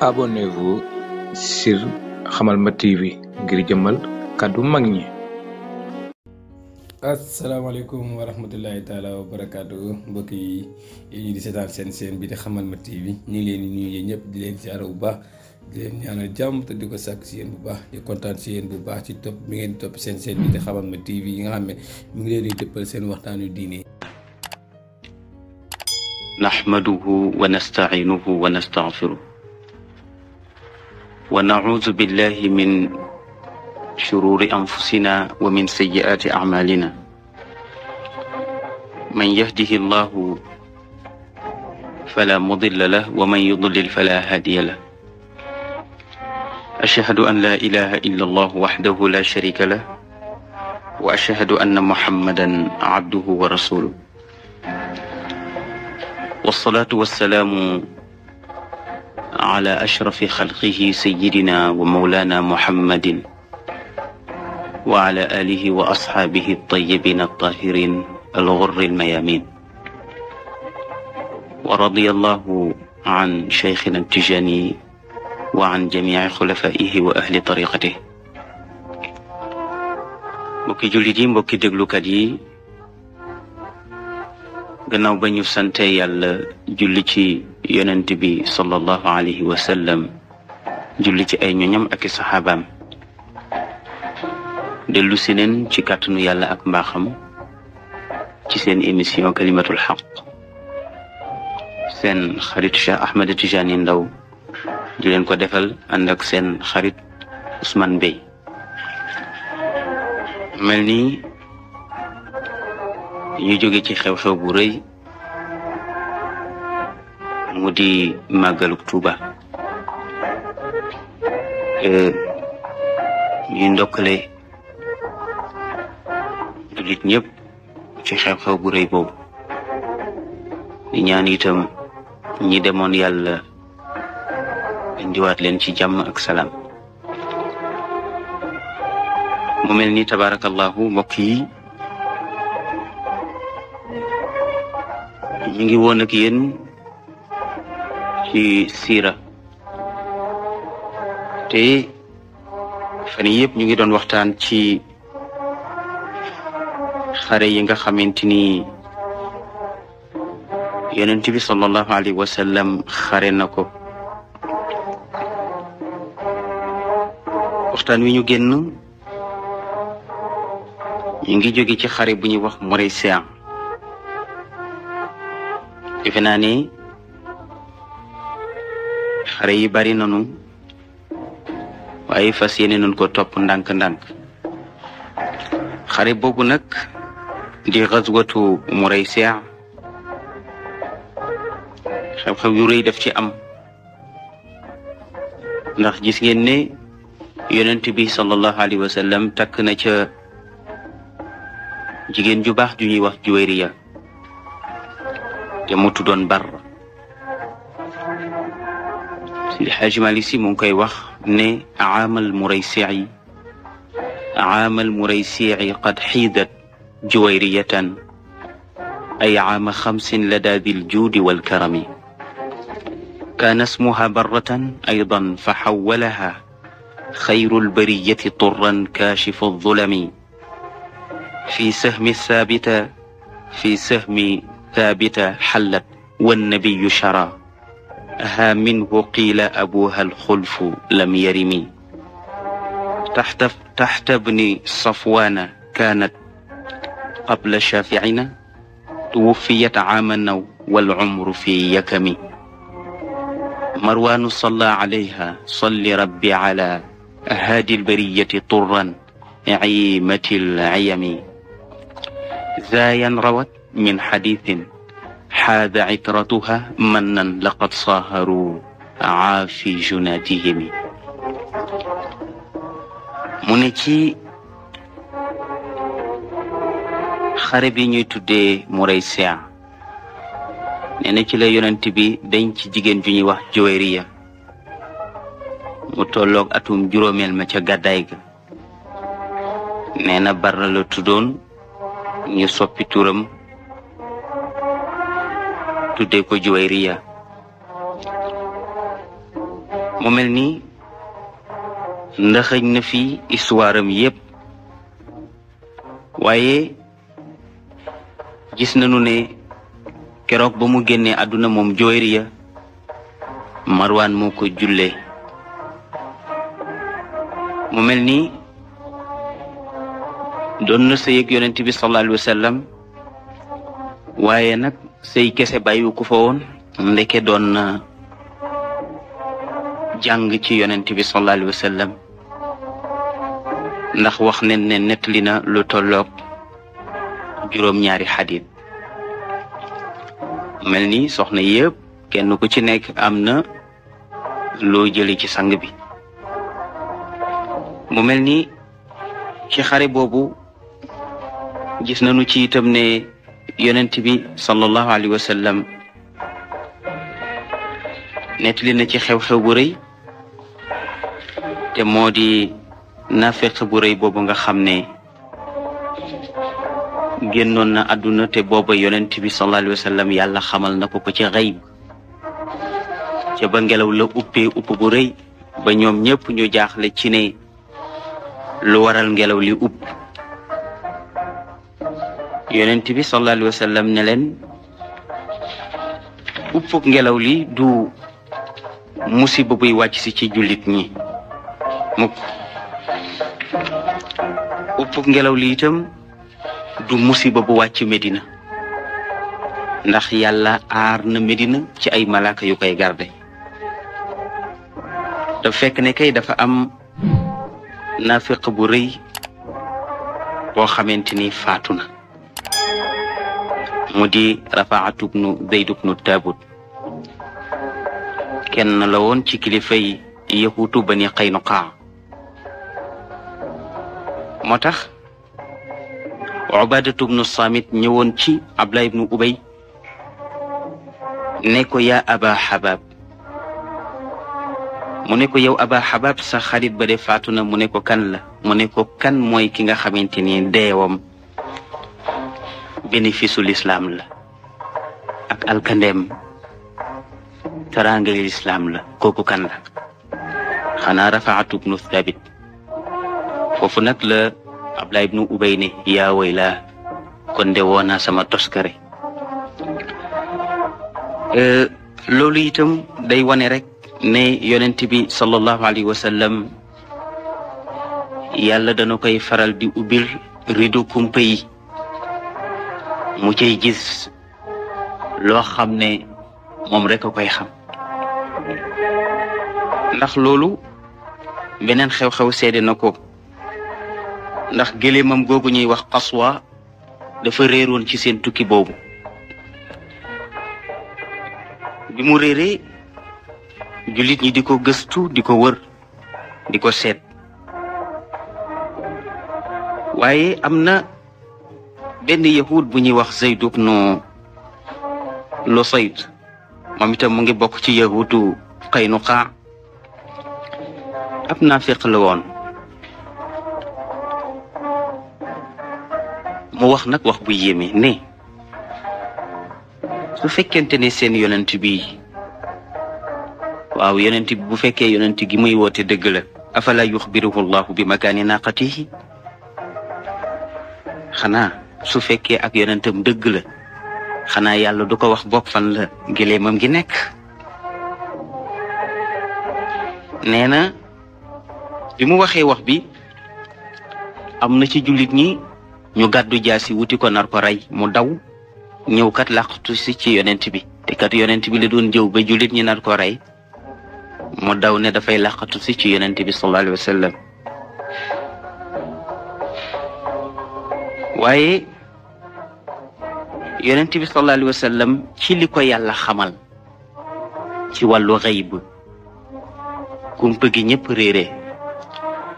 abonnez-vous sur Hamalma TV ngir jëmmal kaddu mag ñi alaykum wa rahmatullahi taala wa barakatuh mbokk yi yéen ñi di sétal seen seen bi di Hamalma TV ñi ngi leen di nuyu yéen ñëpp di leen ziaré bu baax di leen ñaanal jàmm te di ko sàkk si bu baax di kontaan si yéen bu baax ci top mi ngeen top seen seen bi di TV yi nga xamé mi ngi leen di seen waxtaanu diiné نحمده ونستعينه ونستغفره ونعوذ بالله من شرور أنفسنا ومن سيئات أعمالنا من يهده الله فلا مضل له ومن يضلل فلا هادي له أشهد أن لا إله إلا الله وحده لا شريك له وأشهد أن محمدا عبده ورسوله والصلاة والسلام على أشرف خلقه سيدنا ومولانا محمد وعلى آله وأصحابه الطيبين الطاهرين الغر الميامين ورضي الله عن شيخنا التجاني وعن جميع خلفائه وأهل طريقته بوكي جولي yi mbokki déglukat gannaaw ba ñu sante yàlla julli ci yonent bi sallallahu alayhi wa sallam julli ci ay ñoñam ak saxaabaam dellu si neen ci kàttanu yàlla ak mbaaxam ci seen émission kalimatul xaq seen xarit Cheikh Ahmed Tijani ndaw di leen ko defal ànd ak seen xarit Ousmane Bey mel ni ñu jóge ci xew-xew bu rëy mu di màggaluk Tuuba eh, ñuy ndokkale jullit ñëpp ci xew-xew bu rëy boobu di ñaan itam ñi demoon yàlla indiwaat leen ci jàmm ak salaam mu mel ni tabarakallahu mbokk yi ñi ngi woon ak yéen ci siira te fan yépp ñu ngi doon waxtaan ci xare yi nga xamante ni yonent bi sallallahu alayhi wa sallam xare na ko waxtaan wi ñu génn ñi ngi jóge ci xare bu ñuy wax Muraysiya defe naa xare yi bari nanu waaye fas yéene nañ ko topp ndànk-ndànk xare boobu nag di xaswatu muraysia xew-xew yu rëy daf ci am ndax gis ngeen ne yonent bi sallallahu alayhi wa sallam takk na ca jigéen ju baax ju mu tuddoon bar Sidi Xaaji Maalik Si mu ngi koy wax ne aamal muraysi'i aamal muraysi'i qad xiidat juwayriyatan ay caama xamsin ladaa dil juudi walkarami كان اسمها برة أيضا فحولها خير البرية طرا كاشف الظلم في سهم الثابت في سهم ثابتة حلت والنبي شرى ها منه قيل أبوها الخلف لم يرمي تحت, تحت ابن صفوان كانت قبل شافعنا توفيت عاما والعمر في يكم مروان صلى عليها صل ربي على هادي البرية طرا عيمة العيم زايا روت min xadiisin xaada itratuha man nan laqad saaharu aafi junaatihimi mu ne ci xare bi ñuy tuddee Muraysia nee na ci la bi dañ ci jigéen ju ñuy wax Juwayriya mu tollook atum juróomeel ma ca gàddaay ga nee na Barra la tuddoon ñu soppi turam tuddee ko juwayriya mu mel ni ndaxañ na fi histoire am yépp waaye gis nañu ne keroog ba mu génnee àdduna moom juwayriya marwaan moo ko jullee mu mel ni doon na sa yëg yonent bi sallallahu alayhi wa sallam waaye nag sëy kese bàyyiwu ko fa woon ndeke doon na uh, jàng ci yonent bi sallallahu alayhi ndax wax nen ne nettali na lu tollook juróom-ñaari xadit mel ni soxna yépp kenn ku ci nekk am na loo jële ci sang bi mu mel ni ci xare boobu gis nañu ci itam ne yonentibi sallallahu alayhi wasallam sallam nettali na ci xew-xew bu rëy te moo di bu rëy boobu nga xam ne na àdduna te booba yonent sallallahu alayhi wasallam sallam yàlla xamal na ko ko ci xayb ca ba ngelaw la uppee upp bu rëy ba ñoom ñëpp ñu jaaxle ci ne lu waral ngelaw li upp yonent bi sallallahu alayhi wa sallam ne leen ngelaw li du musiba buy wàcc si ci jullit ñi mukk uppug ngelaw li itam du musiba bu wàcc Medina ndax yàlla aar na Medina ci ay malaaka yu koy garde da fekk ne kay dafa am naafiq bu rëy boo xamante ni faatu na Mudi rafa'at ibn zaid ibn tabut ken la woon ci yi yahutu bani qaynuqa motax ubadat ibn samit ñewon ci abla ibn ubay ne ko ya aba habab, mu ne yow aba habab sa khalid ba de kan la mu ne ko kan moy ki nga xamanteni deewam bénéfice u lislaam la ak alkandeem taraangale lislaam la kooku kan la xanaa rafaatu bnu thabit foofu nag la ablaay ibnu ubay ne yaa way laa kon de sama toskare euh, loolu itam day wane rek ne yonent bi sallallahu alayhi wa yàlla dana koy faral di ubbil rido kumpa mu cay gis loo xam ne moom rek a koy xam ndax loolu beneen xew-xew seede na ko ndax gëléemam googu ñuy wax xaswa dafa réeroon ci seen tukki boobu bi mu réere jullit ñi di ko gëstu di ko wër di ko seet waaye am na benn yahud bu ñuy wax Zayd ibnu Lusayd moom itam mu ngi bokk ci yahudu Qaynuqa ab naafiq la woon mu wax nag wax bu yéeme ne su fekkente ni seen yonent bi waaw yonent bi bu fekkee yonent gi muy woote dëgg la afala yuxbiruhu llahu bi makaani naqatihi xanaa su fekke ak yonentam deug la xana yalla duko wax bop fan la gileemam gi nek neena bimu waxe wax bi amna ci julit ñi ñu gaddu jaasi wuti ko nar ko ray mu daw ñew kat làqatu si ci yonent bi te kat yonent bi la doon jew ba julit ñi nar ko ray mu daw ne dafay làqatu si ci yonent bi sallallahu alaihi wasallam, waye yonent bi sallallahu alayhi wa sallam ci li ko yàlla xamal ci wàllu xayb kumpa gi ñëpp réere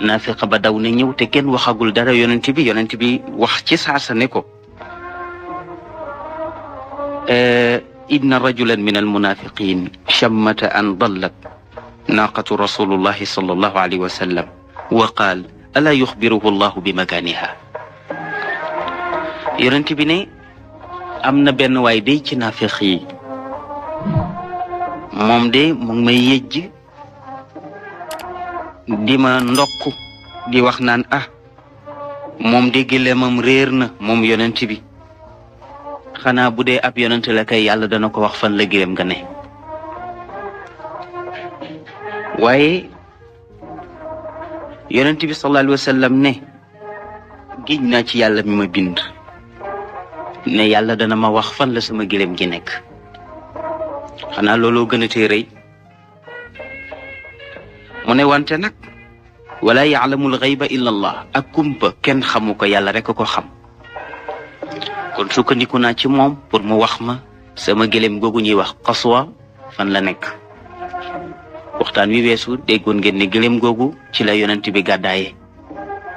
naafiqa ba daw na ñëw te kenn waxagul dara yonent bi yonent bi wax ci saasa ne ko inna rajulan min almunafiqin shammata an dallat naqatu rasulullahi sallallahu alayhi wa sallam wa qaal alaa yuxbiruhu allahu bi makaaniha yonent bi ne am na benn waay day ci naafeq yi moom de mu ma may yëjj di ma ndokk gi wax naan a ah, moom de gileemam réer na moom yonent bi xanaa bu dee ab yonent kay yàlla dana ko wax fan la gileem nga ne waaye yonent bi sallallahu alayhi wa ne giñ naa ci yàlla mi ma bind ne yàlla dana ma wax fan la sama gëléem gi nekk xanaa looloo gën a tee mu ne wante nag wala yaalamul xayba illa allah ak kumpa kenn xamu ko yàlla rek ko xam kon sukkandiku naa ci moom pour mu wax ma sama gëléem googu ñuy wax xaswa fan la nekk waxtaan wi weesu déggoon ngeen ne gëléem googu ci la yonent bi gàddaaye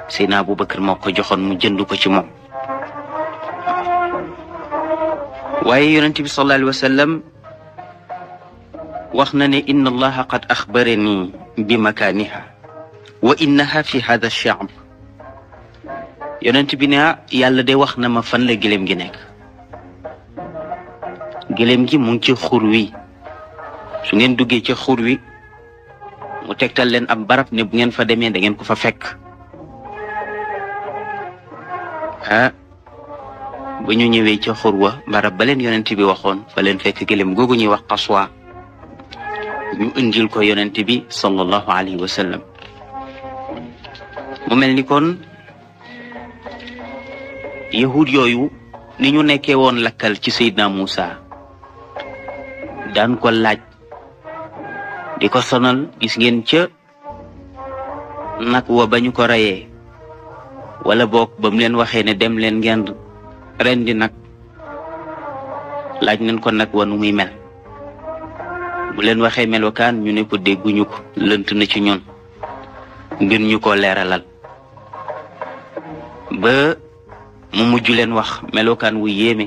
Seydina Abubakar moo ko joxoon mu jënd ko ci moom waaye yonent bi sallallahu alayhi wa sallam wax na ne inna allaha qad axbarani bi makaaniha wa innaha fi hada shaab yonent bi ne yàlla de wax na ma fan la gëléem gi nekk gëléem gi mu ngi ci xur wi su ngeen duggee ci xur wi mu tegtal leen ab barab ne bu ngeen fa demee da ngeen ko fa fekk ah, ba ñu ñëwee ca xurwa barab ba leen yonent bi waxoon fa leen fekk gëlëm googu ñuy wax xaswa ñu indil ko yonent bi sallallahu alayhi wa sallam mu mel ni kon yahud yooyu ni ñu nekkee woon lakkal ci Seydina Muusa daan ko laaj di ko sonal gis ngeen ca nag wa ba ñu ko reyee wala boog ba mu leen waxee ne dem leen ngeen ren di nag laaj nañ ko nag wanu muy mel bu leen waxee melokaan ñu ne ko dégguñu ko lënt na ci ñun ngir ñu ko leeralal ba mu mujj leen wax melokaan wu yéeme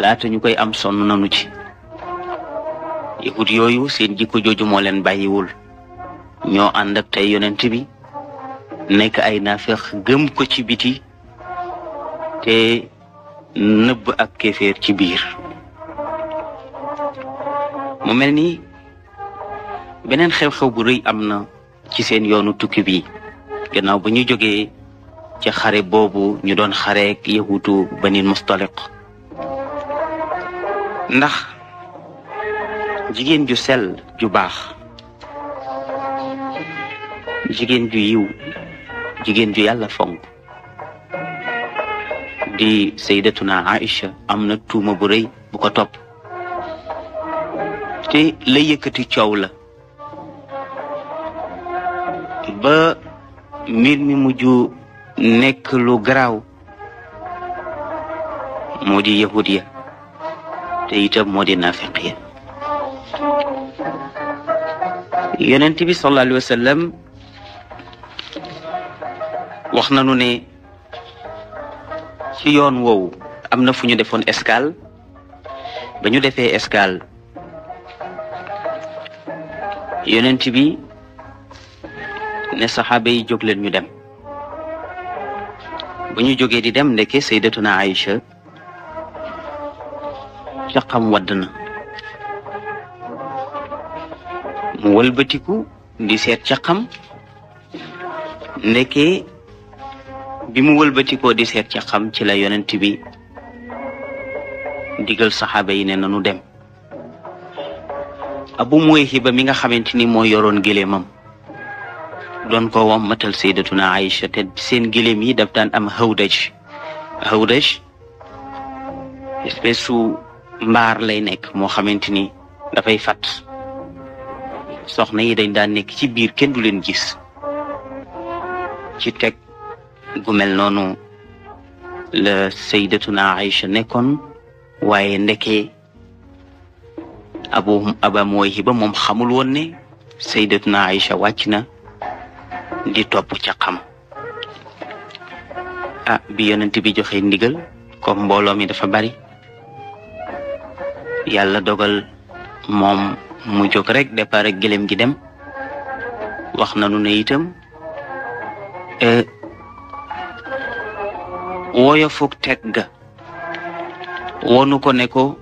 laata ñu koy am sonn nanu ci yahut yooyu seen jikko jooju moo leen bàyyiwul ñoo ànd ak yonent bi nekk ay naafeex gëm ko ci biti te nëbb ak kéeféer ci biir mu mel ni beneen xew-xew bu rëy am na ci seen yoonu tukki bi gannaaw ba ñu jógee ci xare boobu ñu doon xareek ba banil mustaliq ndax jigéen ju sel ju baax jigéen ju yiw jigéen ju yàlla fonk di saydatuna Aïcha am na tuuma bu rëy bu ko topp te la yëkkati coow la ba mbir mi mujj nekk lu garaaw moodi di yahud te itam moo di naafiq bi sallallahu alayhi wa wax nanu ne ci yoon woowu am na fu ñu defoon escale ba ñu defee escale yonent bi ne saxaaba bay jóg leen ñu dem ba ñu jógee di dem ndeke saydatuna Aïcha caqam wadd na mu wëlbatiku di seet caqam ndeke bi mu wëlbatikoo di seet ca xam ci la yonent bi digal saxaaba yi ne nanu dem bu abu ba mi nga xamante ni moo yoroon gëléemam doon ko wammatal saydatuna Aïcha te seen gëléem yi daf daan am hawdaj hawdaj espèce su mbaar lay nekk moo xamante ni dafay fat soxna yi dañ daan nekk ci biir kenn du leen gis ci teg gu mel noonu la saydatuna Aïcha nekkoon waaye ndeke abu aba muwayhiba moom xamul woon ne saydatuna Aïcha wàcc na di topp ca xam ah bi yonent ndigal comme mbooloo mi dafa bari yàlla dogal moom mu jóg rek départ ak gëlëm gi dem wax nanu woyofuk teg ga wonu ko ne ko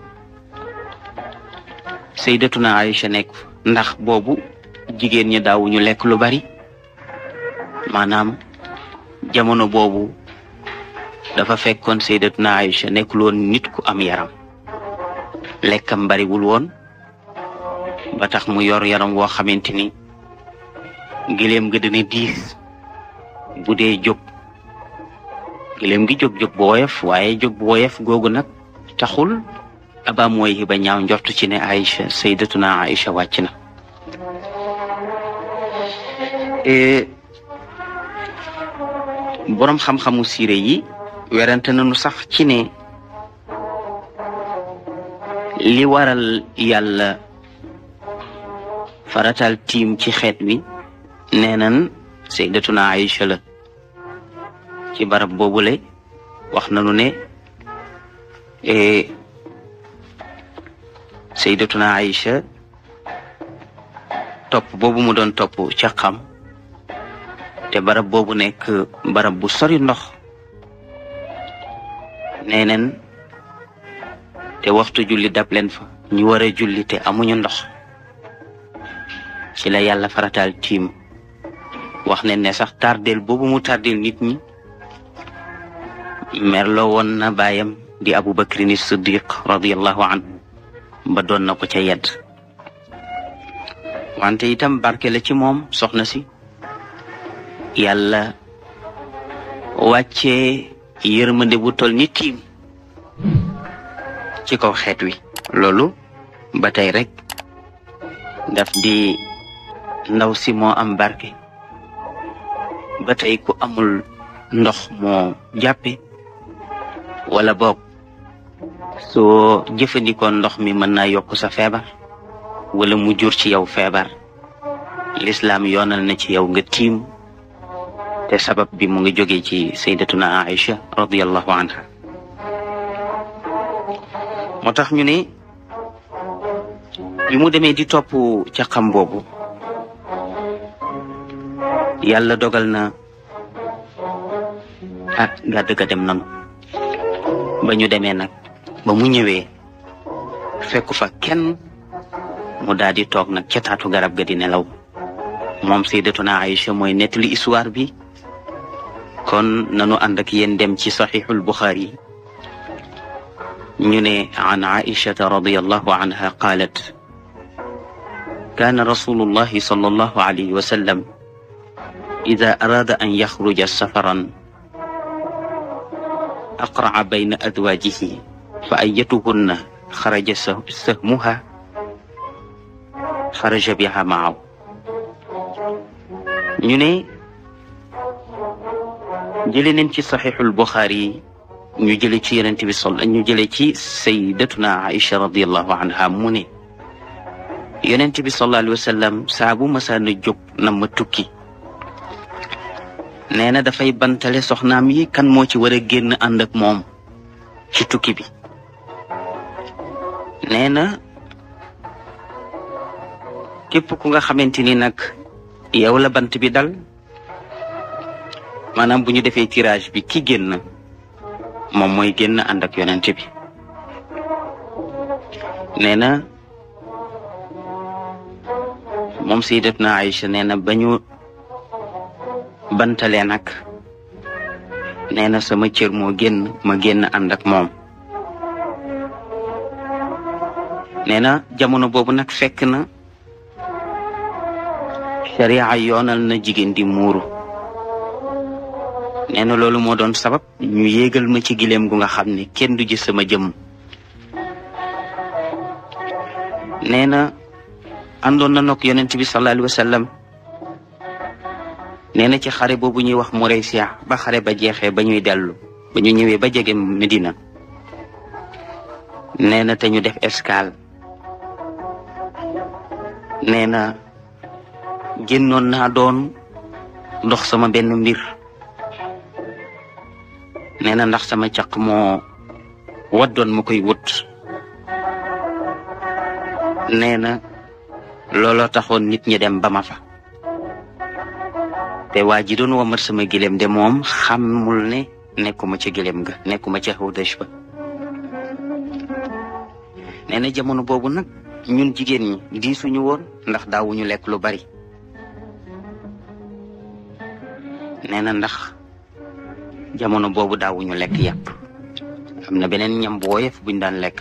na Aïcha nekk ndax boobu jigéen ñi daawuñu lekk lu bari maanaam jamono boobu dafa fekkoon sayyidatuna Aïcha nekkul woon nit ku am yaram lekkam bariwul woon ba tax mu yor yaram woo xamante ni giléem ga dina diis bu dee jóg gilem gi jóg jóg boyef waye waaye jóg bu woyof googu taxul aba mooy ba ñaaw njortu ci ne aisha sayyidatuna aisha waccina e borom xam-xamu sire yi werante nañu sax ci ne li waral yàlla faratal tim ci xet wi nee sayyidatuna aisha la ci barab boobule wax nanu ne e, sayyidatuna Aïcha topp boobu mu doon topp caqam te barab boobu nekk barab bu sori ndox neneen te waxtu julli dab leen fa ñu war a julli te amuñu ndox ci la yàlla farataal tiim wax ne ne sax tardeel boobu mu tardeel nit ñi merloo na bayam di Abu ni Siddiq radhiyallahu anhu ba don na ca yedd wante itam barke la ci mom soxna si yalla wacce yermande bu tol ni tim ci ko xet wi lolou batay rek daf di ndaw si mo am barke batay ku amul ndox mo wala boog soo jëfandikoo ndox mi mën naa yokk sa feebar wala mu jur ci yow feebar lislaam yoonal na ci yow nga tiim te sabab bi mu ngi jóge ci saydatuna Aïcha radiallahu anha moo tax ñu ne bi mu demee di topp ca xam boobu yàlla dogal na ah gàdd ga dem nanu ba ñu demee nag ba mu ñëwé fekk fa kenn mu daal tok nak ci ca taatu garab ga di nelaw mom sayyidatuna aisha moy nettali histoire bi kon nanu ànd ak yéen dem ci saxiixul bukhari ñu ne an aisha radhiyallahu anha qalat كان رسول الله صلى الله عليه وسلم إذا أراد أن يخرج سفرا أقرع بين أزواجه فأيتهن خرج سهمها خرج بها معه ني جلي ننتي صحيح البخاري نجلي تي ننتي بصل نجلي تي سيدتنا عائشة رضي الله عنها موني ينتبي صلى الله وسلم سابو مسا نجوب نمتوكي Nena da fay bantale soxnam yi kan mo ci wara genn mom ak Nena, ci tukki bi neena kep ku nga xamanteni nak yow la bant bi dal manam buñu defé tirage bi ki genn mom moy genn and ak yonent bi neena na moom sayyidatna Aïcha bantale nak Nena sama cër mo genn ma genn ànd ak moom jamono bobu nak fekk na sharia yonal na jigen di muru neena na mo don sabab ñu yegal ma ci gilem gu nga xamni ne kenn du ji sama jëm neena na na nok yonent bi sallallahu alaihi wasallam Nenek ci xare Wah ñuy wax Muraysia ba xare ba jexé ba ñuy dellu ba ñu ba jégué Medina Nenek té ñu def escale gennon na doon ndox sama benn mbir neena ndax sama ciak mo wadon mu koy wut neena lolo taxone nit ñi dem ba ma fa te waji ji doon wamar sama gilem de mom xamul ne nekuma ci gilem ga nekuma ci xawdëj ba neena jamono bobu nak ñun jigen ñi suñu woon ndax daawuñu lek lu bari neena ndax jamono bobu daawuñu lekk lek yapp amna benen ñam boyef buñ daan lek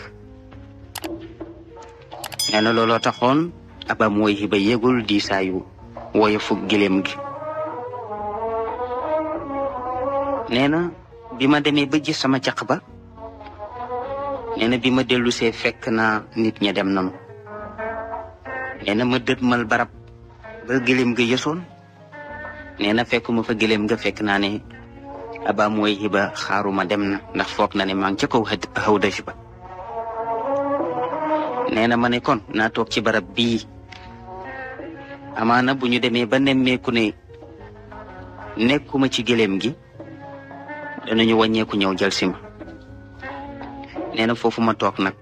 neena lolo looloo aba moy woy yegul di sayu woyefuk gilem gi nee na bi ma demee ba ji sama caq ba nee na bi ma dellusee fekk naa nit ña dem nanu nee na ma dëdmal barab ba gëléem ga yësoon nee na fekkuma fa gëléem nga fekk naa ne aba mooy hiba xaaruma dem na ndax foog na ne maa ngi ca kaw xaw daj ba nee na ma nekkoon kon naa toog ci barab bii amaana bu ñu demee ba nemmeeku ne nekkuma ci gëléem gi danañu wàññeeku ñëw jël sima ma nee na foofu ma tok nag